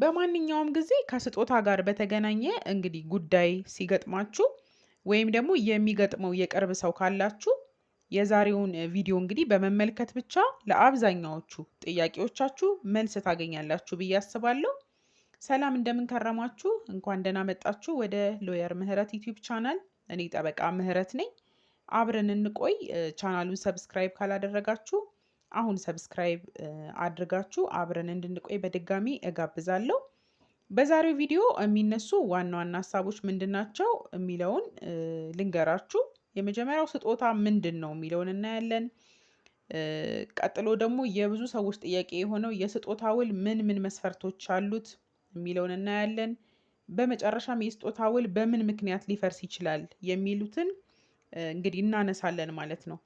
በማንኛውም ጊዜ ከስጦታ ጋር በተገናኘ እንግዲህ ጉዳይ ሲገጥማችሁ ወይም ደግሞ የሚገጥመው የቅርብ ሰው ካላችሁ የዛሬውን ቪዲዮ እንግዲህ በመመልከት ብቻ ለአብዛኛዎቹ ጥያቄዎቻችሁ መልስ ታገኛላችሁ ብዬ አስባለሁ። ሰላም እንደምንከረማችሁ እንኳን ደህና መጣችሁ ወደ ሎየር ምህረት ዩቲዩብ ቻናል። እኔ ጠበቃ ምህረት ነኝ። አብረን እንቆይ። ቻናሉን ሰብስክራይብ ካላደረጋችሁ አሁን ሰብስክራይብ አድርጋችሁ አብረን እንድንቆይ በድጋሚ እጋብዛለሁ። በዛሬው ቪዲዮ የሚነሱ ዋና ዋና ሀሳቦች ምንድን ናቸው የሚለውን ልንገራችሁ። የመጀመሪያው ስጦታ ምንድን ነው የሚለውን እናያለን። ቀጥሎ ደግሞ የብዙ ሰዎች ጥያቄ የሆነው የስጦታ ውል ምን ምን መስፈርቶች አሉት የሚለውን እናያለን። በመጨረሻም የስጦታ ውል በምን ምክንያት ሊፈርስ ይችላል የሚሉትን እንግዲህ እናነሳለን ማለት ነው።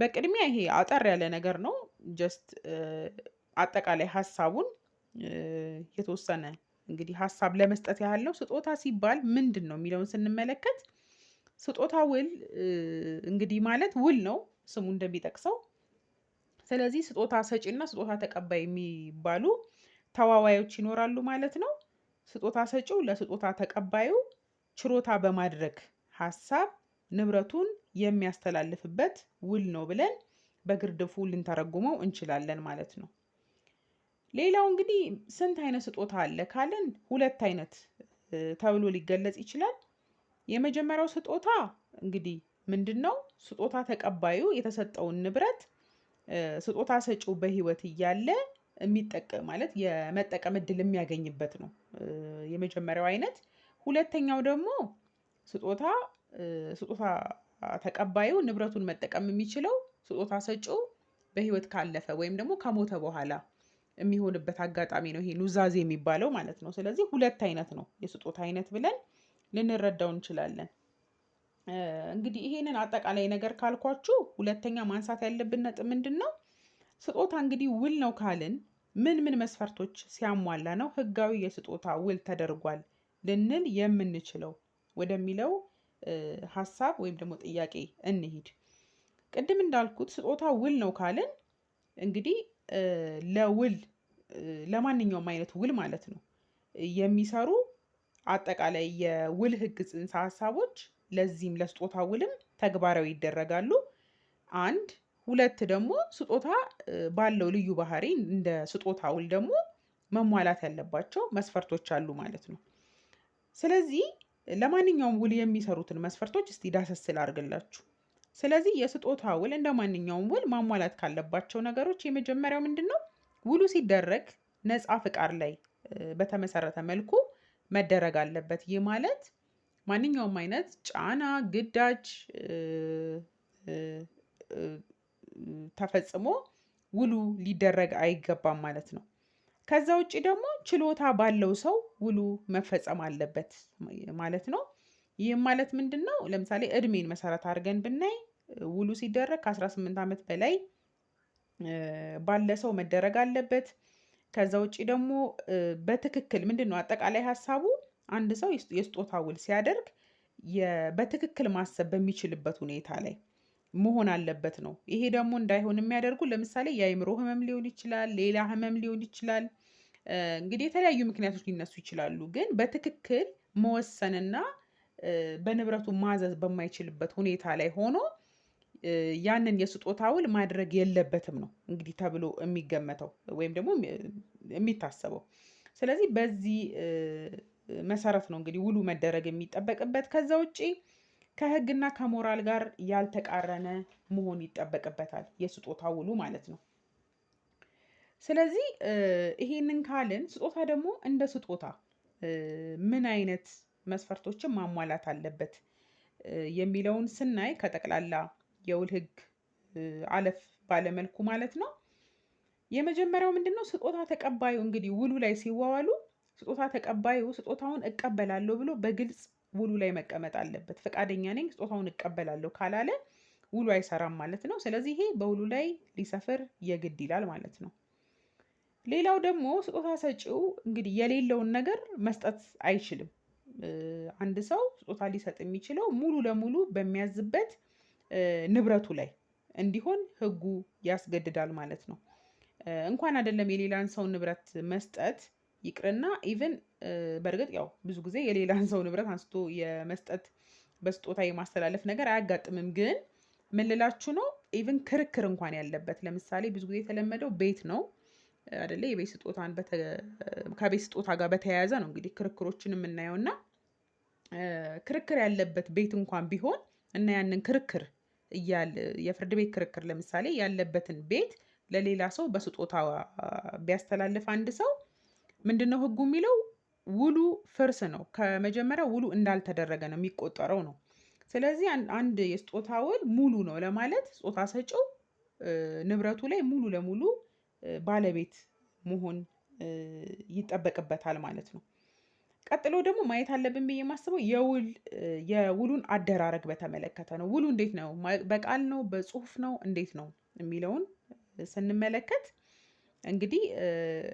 በቅድሚያ ይሄ አጠር ያለ ነገር ነው። ጀስት አጠቃላይ ሀሳቡን የተወሰነ እንግዲህ ሀሳብ ለመስጠት ያህል ነው። ስጦታ ሲባል ምንድን ነው የሚለውን ስንመለከት ስጦታ ውል እንግዲህ ማለት ውል ነው ስሙ እንደሚጠቅሰው። ስለዚህ ስጦታ ሰጪና ስጦታ ተቀባይ የሚባሉ ተዋዋዮች ይኖራሉ ማለት ነው። ስጦታ ሰጪው ለስጦታ ተቀባዩ ችሮታ በማድረግ ሀሳብ ንብረቱን የሚያስተላልፍበት ውል ነው ብለን በግርድፉ ልንተረጉመው እንችላለን ማለት ነው። ሌላው እንግዲህ ስንት አይነት ስጦታ አለ ካለን ሁለት አይነት ተብሎ ሊገለጽ ይችላል። የመጀመሪያው ስጦታ እንግዲህ ምንድን ነው? ስጦታ ተቀባዩ የተሰጠውን ንብረት ስጦታ ሰጪው በሕይወት እያለ የሚጠቀም ማለት የመጠቀም እድል የሚያገኝበት ነው የመጀመሪያው አይነት። ሁለተኛው ደግሞ ስጦታ ስጦታ ተቀባዩ ንብረቱን መጠቀም የሚችለው ስጦታ ሰጪው በህይወት ካለፈ ወይም ደግሞ ከሞተ በኋላ የሚሆንበት አጋጣሚ ነው። ይሄ ኑዛዜ የሚባለው ማለት ነው። ስለዚህ ሁለት አይነት ነው የስጦታ አይነት ብለን ልንረዳው እንችላለን። እንግዲህ ይሄንን አጠቃላይ ነገር ካልኳችሁ ሁለተኛ ማንሳት ያለብን ነጥብ ምንድን ነው? ስጦታ እንግዲህ ውል ነው ካልን ምን ምን መስፈርቶች ሲያሟላ ነው ህጋዊ የስጦታ ውል ተደርጓል ልንል የምንችለው ወደሚለው ሀሳብ ወይም ደግሞ ጥያቄ እንሂድ። ቅድም እንዳልኩት ስጦታ ውል ነው ካልን እንግዲህ ለውል ለማንኛውም አይነት ውል ማለት ነው የሚሰሩ አጠቃላይ የውል ህግ ጽንሰ ሀሳቦች ለዚህም ለስጦታ ውልም ተግባራዊ ይደረጋሉ። አንድ ሁለት ደግሞ ስጦታ ባለው ልዩ ባህሪ እንደ ስጦታ ውል ደግሞ መሟላት ያለባቸው መስፈርቶች አሉ ማለት ነው። ስለዚህ ለማንኛውም ውል የሚሰሩትን መስፈርቶች እስቲ ዳሰስ ላድርግላችሁ። ስለዚህ የስጦታ ውል እንደ ማንኛውም ውል ማሟላት ካለባቸው ነገሮች የመጀመሪያው ምንድን ነው? ውሉ ሲደረግ ነፃ ፍቃድ ላይ በተመሰረተ መልኩ መደረግ አለበት። ይህ ማለት ማንኛውም አይነት ጫና፣ ግዳጅ ተፈጽሞ ውሉ ሊደረግ አይገባም ማለት ነው። ከዛ ውጭ ደግሞ ችሎታ ባለው ሰው ውሉ መፈጸም አለበት ማለት ነው። ይህም ማለት ምንድን ነው? ለምሳሌ እድሜን መሰረት አድርገን ብናይ ውሉ ሲደረግ ከ18 ዓመት በላይ ባለ ሰው መደረግ አለበት። ከዛ ውጭ ደግሞ በትክክል ምንድን ነው አጠቃላይ ሀሳቡ አንድ ሰው የስጦታ ውል ሲያደርግ በትክክል ማሰብ በሚችልበት ሁኔታ ላይ መሆን አለበት ነው። ይሄ ደግሞ እንዳይሆን የሚያደርጉ ለምሳሌ የአይምሮ ህመም ሊሆን ይችላል፣ ሌላ ህመም ሊሆን ይችላል። እንግዲህ የተለያዩ ምክንያቶች ሊነሱ ይችላሉ። ግን በትክክል መወሰንና በንብረቱ ማዘዝ በማይችልበት ሁኔታ ላይ ሆኖ ያንን የስጦታ ውል ማድረግ የለበትም ነው እንግዲህ ተብሎ የሚገመተው ወይም ደግሞ የሚታሰበው። ስለዚህ በዚህ መሰረት ነው እንግዲህ ውሉ መደረግ የሚጠበቅበት ከዛ ውጪ ከህግና ከሞራል ጋር ያልተቃረነ መሆን ይጠበቅበታል የስጦታ ውሉ ማለት ነው። ስለዚህ ይሄንን ካልን ስጦታ ደግሞ እንደ ስጦታ ምን አይነት መስፈርቶችን ማሟላት አለበት የሚለውን ስናይ ከጠቅላላ የውል ህግ አለፍ ባለመልኩ ማለት ነው። የመጀመሪያው ምንድን ነው? ስጦታ ተቀባዩ እንግዲህ ውሉ ላይ ሲዋዋሉ ስጦታ ተቀባዩ ስጦታውን እቀበላለሁ ብሎ በግልጽ ውሉ ላይ መቀመጥ አለበት። ፈቃደኛ ነኝ ስጦታውን እቀበላለሁ ካላለ ውሉ አይሰራም ማለት ነው። ስለዚህ ይሄ በውሉ ላይ ሊሰፍር የግድ ይላል ማለት ነው። ሌላው ደግሞ ስጦታ ሰጪው እንግዲህ የሌለውን ነገር መስጠት አይችልም። አንድ ሰው ስጦታ ሊሰጥ የሚችለው ሙሉ ለሙሉ በሚያዝበት ንብረቱ ላይ እንዲሆን ሕጉ ያስገድዳል ማለት ነው። እንኳን አይደለም የሌላን ሰው ንብረት መስጠት ይቅርና ኢቨን በእርግጥ ያው ብዙ ጊዜ የሌላን ሰው ንብረት አንስቶ የመስጠት በስጦታ የማስተላለፍ ነገር አያጋጥምም። ግን ምን ልላችሁ ነው ኢቭን ክርክር እንኳን ያለበት ለምሳሌ ብዙ ጊዜ የተለመደው ቤት ነው አደለ? የቤት ስጦታን ከቤት ስጦታ ጋር በተያያዘ ነው እንግዲህ ክርክሮችን የምናየው እና ክርክር ያለበት ቤት እንኳን ቢሆን እና ያንን ክርክር እያል የፍርድ ቤት ክርክር ለምሳሌ ያለበትን ቤት ለሌላ ሰው በስጦታ ቢያስተላልፍ አንድ ሰው ምንድን ነው ህጉ የሚለው ውሉ ፍርስ ነው። ከመጀመሪያ ውሉ እንዳልተደረገ ነው የሚቆጠረው ነው። ስለዚህ አንድ የስጦታ ውል ሙሉ ነው ለማለት ስጦታ ሰጪው ንብረቱ ላይ ሙሉ ለሙሉ ባለቤት መሆን ይጠበቅበታል ማለት ነው። ቀጥሎ ደግሞ ማየት አለብን ብዬ የማስበው የውል የውሉን አደራረግ በተመለከተ ነው። ውሉ እንዴት ነው በቃል ነው በጽሁፍ ነው እንዴት ነው የሚለውን ስንመለከት እንግዲህ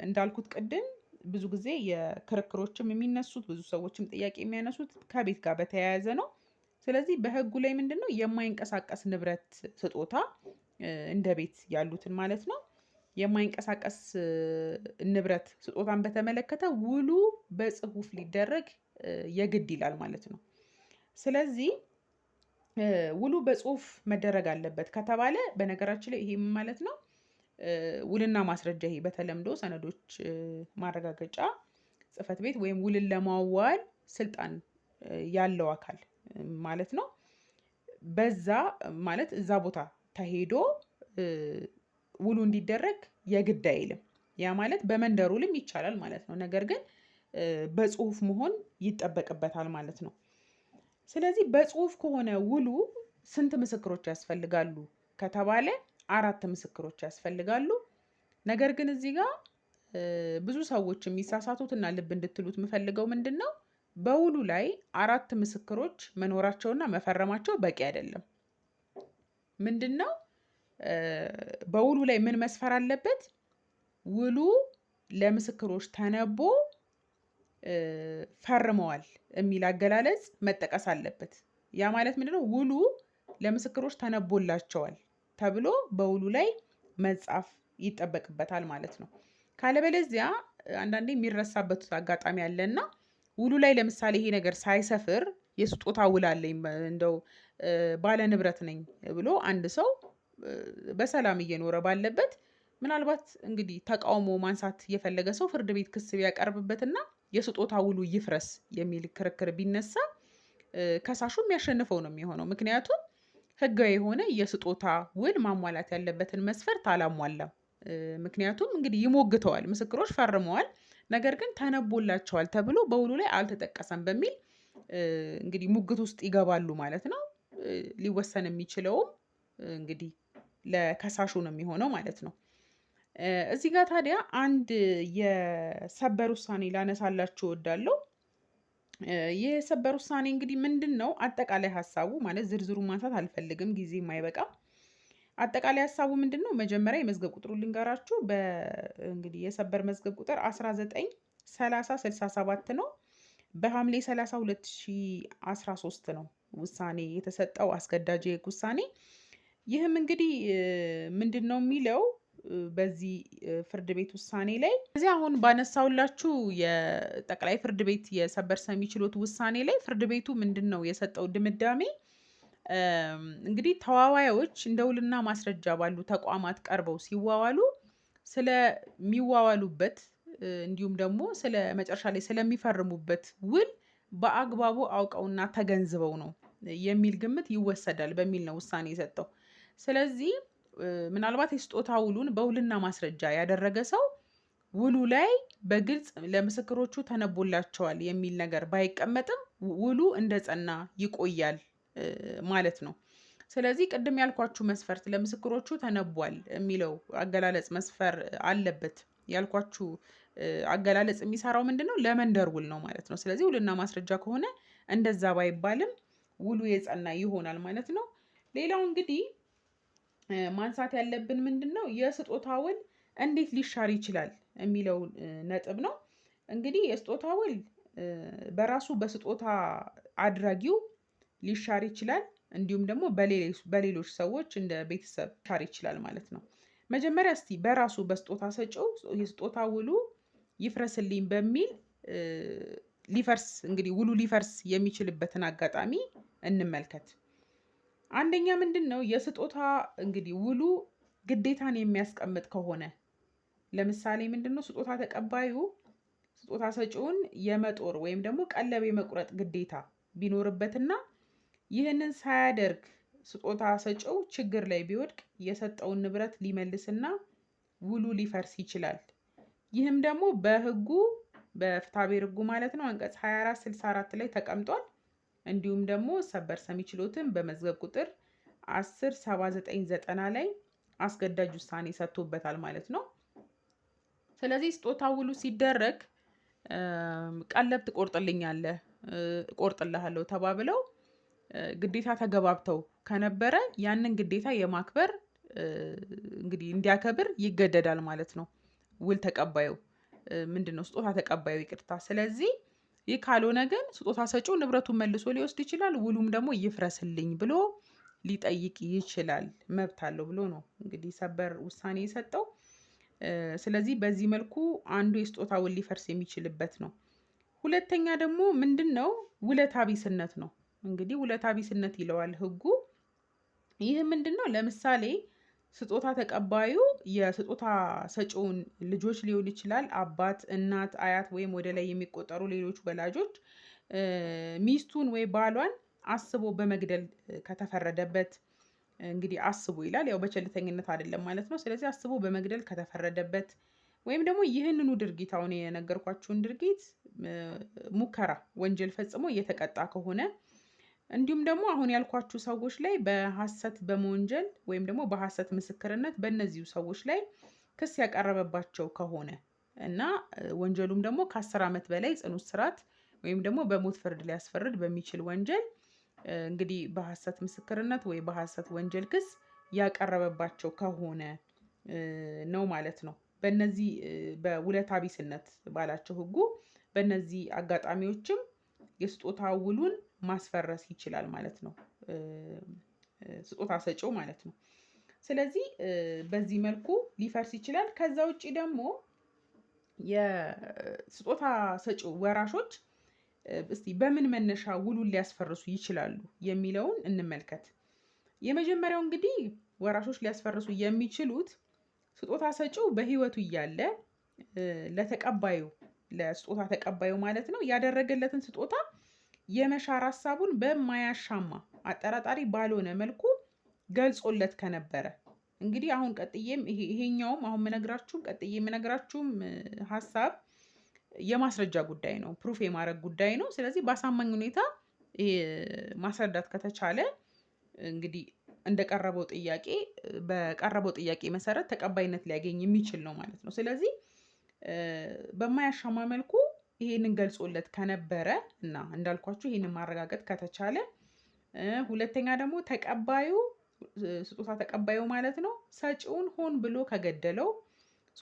እንዳልኩት ቅድም ብዙ ጊዜ የክርክሮችም የሚነሱት ብዙ ሰዎችም ጥያቄ የሚያነሱት ከቤት ጋር በተያያዘ ነው። ስለዚህ በህጉ ላይ ምንድን ነው የማይንቀሳቀስ ንብረት ስጦታ እንደ ቤት ያሉትን ማለት ነው። የማይንቀሳቀስ ንብረት ስጦታን በተመለከተ ውሉ በጽሁፍ ሊደረግ የግድ ይላል ማለት ነው። ስለዚህ ውሉ በጽሁፍ መደረግ አለበት ከተባለ በነገራችን ላይ ይሄም ማለት ነው ውልና ማስረጃ ይሄ በተለምዶ ሰነዶች ማረጋገጫ ጽህፈት ቤት ወይም ውልን ለማዋል ስልጣን ያለው አካል ማለት ነው። በዛ ማለት እዛ ቦታ ተሄዶ ውሉ እንዲደረግ የግድ አይልም። ያ ማለት በመንደር ውልም ይቻላል ማለት ነው። ነገር ግን በጽሁፍ መሆን ይጠበቅበታል ማለት ነው። ስለዚህ በጽሁፍ ከሆነ ውሉ ስንት ምስክሮች ያስፈልጋሉ ከተባለ አራት ምስክሮች ያስፈልጋሉ። ነገር ግን እዚህ ጋር ብዙ ሰዎች የሚሳሳቱትና ልብ እንድትሉት የምፈልገው ምንድን ነው በውሉ ላይ አራት ምስክሮች መኖራቸውና መፈረማቸው በቂ አይደለም። ምንድን ነው በውሉ ላይ ምን መስፈር አለበት? ውሉ ለምስክሮች ተነቦ ፈርመዋል የሚል አገላለጽ መጠቀስ አለበት። ያ ማለት ምንድነው ውሉ ለምስክሮች ተነቦላቸዋል ተብሎ በውሉ ላይ መጻፍ ይጠበቅበታል ማለት ነው። ካለበለዚያ አንዳንዴ የሚረሳበት አጋጣሚ አለና ውሉ ላይ ለምሳሌ ይሄ ነገር ሳይሰፍር የስጦታ ውል አለኝ እንደው ባለ ንብረት ነኝ ብሎ አንድ ሰው በሰላም እየኖረ ባለበት ምናልባት እንግዲህ ተቃውሞ ማንሳት የፈለገ ሰው ፍርድ ቤት ክስ ቢያቀርብበትና የስጦታ ውሉ ይፍረስ የሚል ክርክር ቢነሳ ከሳሹ የሚያሸንፈው ነው የሚሆነው። ምክንያቱም ህጋዊ የሆነ የስጦታ ውል ማሟላት ያለበትን መስፈርት አላሟላም። ምክንያቱም እንግዲህ ይሞግተዋል፣ ምስክሮች ፈርመዋል፣ ነገር ግን ተነቦላቸዋል ተብሎ በውሉ ላይ አልተጠቀሰም በሚል እንግዲህ ሙግት ውስጥ ይገባሉ ማለት ነው። ሊወሰን የሚችለውም እንግዲህ ለከሳሹ ነው የሚሆነው ማለት ነው። እዚህ ጋር ታዲያ አንድ የሰበር ውሳኔ ላነሳላችሁ እወዳለሁ። የሰበር ውሳኔ እንግዲህ ምንድን ነው አጠቃላይ ሀሳቡ ማለት ዝርዝሩ ማንሳት አልፈልግም፣ ጊዜ አይበቃም። አጠቃላይ ሀሳቡ ምንድን ነው? መጀመሪያ የመዝገብ ቁጥሩ ልንገራችሁ። እንግዲህ የሰበር መዝገብ ቁጥር 19367 ነው። በሐምሌ 30 2013 ነው ውሳኔ የተሰጠው አስገዳጅ ውሳኔ። ይህም እንግዲህ ምንድን ነው የሚለው በዚህ ፍርድ ቤት ውሳኔ ላይ እዚህ አሁን ባነሳውላችሁ የጠቅላይ ፍርድ ቤት የሰበር ሰሚ ችሎት ውሳኔ ላይ ፍርድ ቤቱ ምንድን ነው የሰጠው ድምዳሜ? እንግዲህ ተዋዋዮች እንደ ውልና ማስረጃ ባሉ ተቋማት ቀርበው ሲዋዋሉ ስለሚዋዋሉበት እንዲሁም ደግሞ ስለ መጨረሻ ላይ ስለሚፈርሙበት ውል በአግባቡ አውቀውና ተገንዝበው ነው የሚል ግምት ይወሰዳል በሚል ነው ውሳኔ የሰጠው። ስለዚህ ምናልባት የስጦታ ውሉን በውልና ማስረጃ ያደረገ ሰው ውሉ ላይ በግልጽ ለምስክሮቹ ተነቦላቸዋል የሚል ነገር ባይቀመጥም ውሉ እንደ ጸና ይቆያል ማለት ነው። ስለዚህ ቅድም ያልኳችሁ መስፈርት ለምስክሮቹ ተነቧል የሚለው አገላለጽ መስፈር አለበት ያልኳችሁ አገላለጽ የሚሰራው ምንድን ነው? ለመንደር ውል ነው ማለት ነው። ስለዚህ ውልና ማስረጃ ከሆነ እንደዛ ባይባልም ውሉ የጸና ይሆናል ማለት ነው። ሌላው እንግዲህ ማንሳት ያለብን ምንድን ነው የስጦታ ውል እንዴት ሊሻር ይችላል የሚለው ነጥብ ነው። እንግዲህ የስጦታ ውል በራሱ በስጦታ አድራጊው ሊሻር ይችላል እንዲሁም ደግሞ በሌሎች ሰዎች እንደ ቤተሰብ ሊሻር ይችላል ማለት ነው። መጀመሪያ እስቲ በራሱ በስጦታ ሰጪው የስጦታ ውሉ ይፍረስልኝ በሚል ሊፈርስ እንግዲህ ውሉ ሊፈርስ የሚችልበትን አጋጣሚ እንመልከት አንደኛ ምንድን ነው የስጦታ እንግዲህ ውሉ ግዴታን የሚያስቀምጥ ከሆነ ለምሳሌ ምንድን ነው ስጦታ ተቀባዩ ስጦታ ሰጪውን የመጦር ወይም ደግሞ ቀለብ የመቁረጥ ግዴታ ቢኖርበትና ይህንን ሳያደርግ ስጦታ ሰጪው ችግር ላይ ቢወድቅ የሰጠውን ንብረት ሊመልስና ውሉ ሊፈርስ ይችላል። ይህም ደግሞ በህጉ በፍትሐብሔር ህጉ ማለት ነው አንቀጽ 2464 ላይ ተቀምጧል። እንዲሁም ደግሞ ሰበር ሰሚ ችሎትን በመዝገብ ቁጥር 10799 ላይ አስገዳጅ ውሳኔ ሰጥቶበታል ማለት ነው። ስለዚህ ስጦታ ውሉ ሲደረግ ቀለብ ትቆርጥልኛለህ፣ እቆርጥልሃለሁ ተባብለው ግዴታ ተገባብተው ከነበረ ያንን ግዴታ የማክበር እንግዲህ እንዲያከብር ይገደዳል ማለት ነው። ውል ተቀባዩ ምንድን ነው? ስጦታ ተቀባዩ ይቅርታ። ስለዚህ ይህ ካልሆነ ግን ስጦታ ሰጪው ንብረቱን መልሶ ሊወስድ ይችላል። ውሉም ደግሞ ይፍረስልኝ ብሎ ሊጠይቅ ይችላል። መብት አለው ብሎ ነው እንግዲህ ሰበር ውሳኔ የሰጠው። ስለዚህ በዚህ መልኩ አንዱ የስጦታ ውል ሊፈርስ የሚችልበት ነው። ሁለተኛ ደግሞ ምንድን ነው? ውለታ ቢስነት ነው። እንግዲህ ውለታ ቢስነት ይለዋል ህጉ። ይህ ምንድን ነው? ለምሳሌ ስጦታ ተቀባዩ የስጦታ ሰጪውን ልጆች ሊሆን ይችላል፣ አባት፣ እናት፣ አያት ወይም ወደ ላይ የሚቆጠሩ ሌሎች ወላጆች ሚስቱን ወይ ባሏን አስቦ በመግደል ከተፈረደበት እንግዲህ አስቦ ይላል። ያው በቸልተኝነት አይደለም ማለት ነው። ስለዚህ አስቦ በመግደል ከተፈረደበት ወይም ደግሞ ይህንኑ ድርጊት አሁን የነገርኳችሁን ድርጊት ሙከራ ወንጀል ፈጽሞ እየተቀጣ ከሆነ እንዲሁም ደግሞ አሁን ያልኳችሁ ሰዎች ላይ በሐሰት በመወንጀል ወይም ደግሞ በሐሰት ምስክርነት በእነዚሁ ሰዎች ላይ ክስ ያቀረበባቸው ከሆነ እና ወንጀሉም ደግሞ ከአስር ዓመት በላይ ጽኑ እስራት ወይም ደግሞ በሞት ፍርድ ሊያስፈርድ በሚችል ወንጀል እንግዲህ በሐሰት ምስክርነት ወይ በሐሰት ወንጀል ክስ ያቀረበባቸው ከሆነ ነው ማለት ነው። በእነዚህ በውለታ ቢስነት ባላቸው ህጉ በነዚህ አጋጣሚዎችም የስጦታ ውሉን ማስፈረስ ይችላል ማለት ነው፣ ስጦታ ሰጪው ማለት ነው። ስለዚህ በዚህ መልኩ ሊፈርስ ይችላል። ከዛ ውጭ ደግሞ የስጦታ ሰጪው ወራሾች እስቲ በምን መነሻ ውሉን ሊያስፈርሱ ይችላሉ የሚለውን እንመልከት። የመጀመሪያው እንግዲህ ወራሾች ሊያስፈርሱ የሚችሉት ስጦታ ሰጪው በሕይወቱ እያለ ለተቀባዩ ለስጦታ ተቀባዩ ማለት ነው ያደረገለትን ስጦታ የመሻር ሀሳቡን በማያሻማ አጠራጣሪ ባልሆነ መልኩ ገልጾለት ከነበረ እንግዲህ አሁን ቀጥዬም ይሄኛውም አሁን የምነግራችሁም ቀጥዬ የምነግራችሁም ሀሳብ የማስረጃ ጉዳይ ነው፣ ፕሩፍ የማድረግ ጉዳይ ነው። ስለዚህ በአሳማኝ ሁኔታ ማስረዳት ከተቻለ እንግዲህ እንደቀረበው ጥያቄ በቀረበው ጥያቄ መሰረት ተቀባይነት ሊያገኝ የሚችል ነው ማለት ነው። ስለዚህ በማያሻማ መልኩ ይሄንን ገልጾለት ከነበረ እና እንዳልኳችሁ ይሄንን ማረጋገጥ ከተቻለ፣ ሁለተኛ ደግሞ ተቀባዩ ስጦታ ተቀባዩ ማለት ነው ሰጪውን ሆን ብሎ ከገደለው፣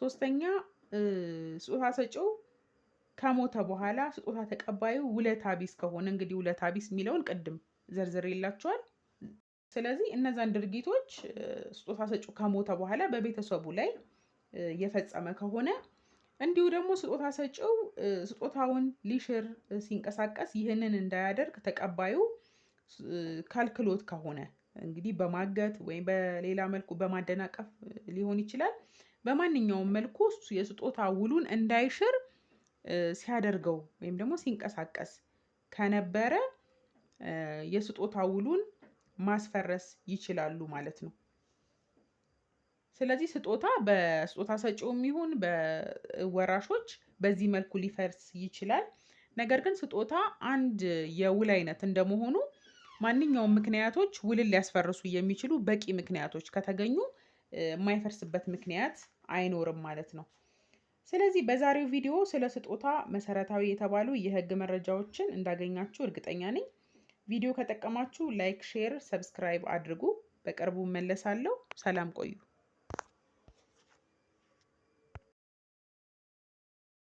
ሶስተኛ ስጦታ ሰጪው ከሞተ በኋላ ስጦታ ተቀባዩ ውለታ ቢስ ከሆነ እንግዲህ ውለታ ቢስ የሚለውን ቅድም ዘርዝር የላቸዋል። ስለዚህ እነዛን ድርጊቶች ስጦታ ሰጪው ከሞተ በኋላ በቤተሰቡ ላይ የፈጸመ ከሆነ እንዲሁ ደግሞ ስጦታ ሰጪው ስጦታውን ሊሽር ሲንቀሳቀስ ይህንን እንዳያደርግ ተቀባዩ ከልክሎት ከሆነ እንግዲህ በማገት ወይም በሌላ መልኩ በማደናቀፍ ሊሆን ይችላል። በማንኛውም መልኩ የስጦታ ውሉን እንዳይሽር ሲያደርገው ወይም ደግሞ ሲንቀሳቀስ ከነበረ የስጦታ ውሉን ማስፈረስ ይችላሉ ማለት ነው። ስለዚህ ስጦታ በስጦታ ሰጪውም ይሁን በወራሾች በዚህ መልኩ ሊፈርስ ይችላል። ነገር ግን ስጦታ አንድ የውል አይነት እንደመሆኑ ማንኛውም ምክንያቶች ውልን ሊያስፈርሱ የሚችሉ በቂ ምክንያቶች ከተገኙ የማይፈርስበት ምክንያት አይኖርም ማለት ነው። ስለዚህ በዛሬው ቪዲዮ ስለ ስጦታ መሰረታዊ የተባሉ የህግ መረጃዎችን እንዳገኛችሁ እርግጠኛ ነኝ። ቪዲዮ ከጠቀማችሁ ላይክ፣ ሼር፣ ሰብስክራይብ አድርጉ። በቅርቡ መለሳለሁ። ሰላም ቆዩ።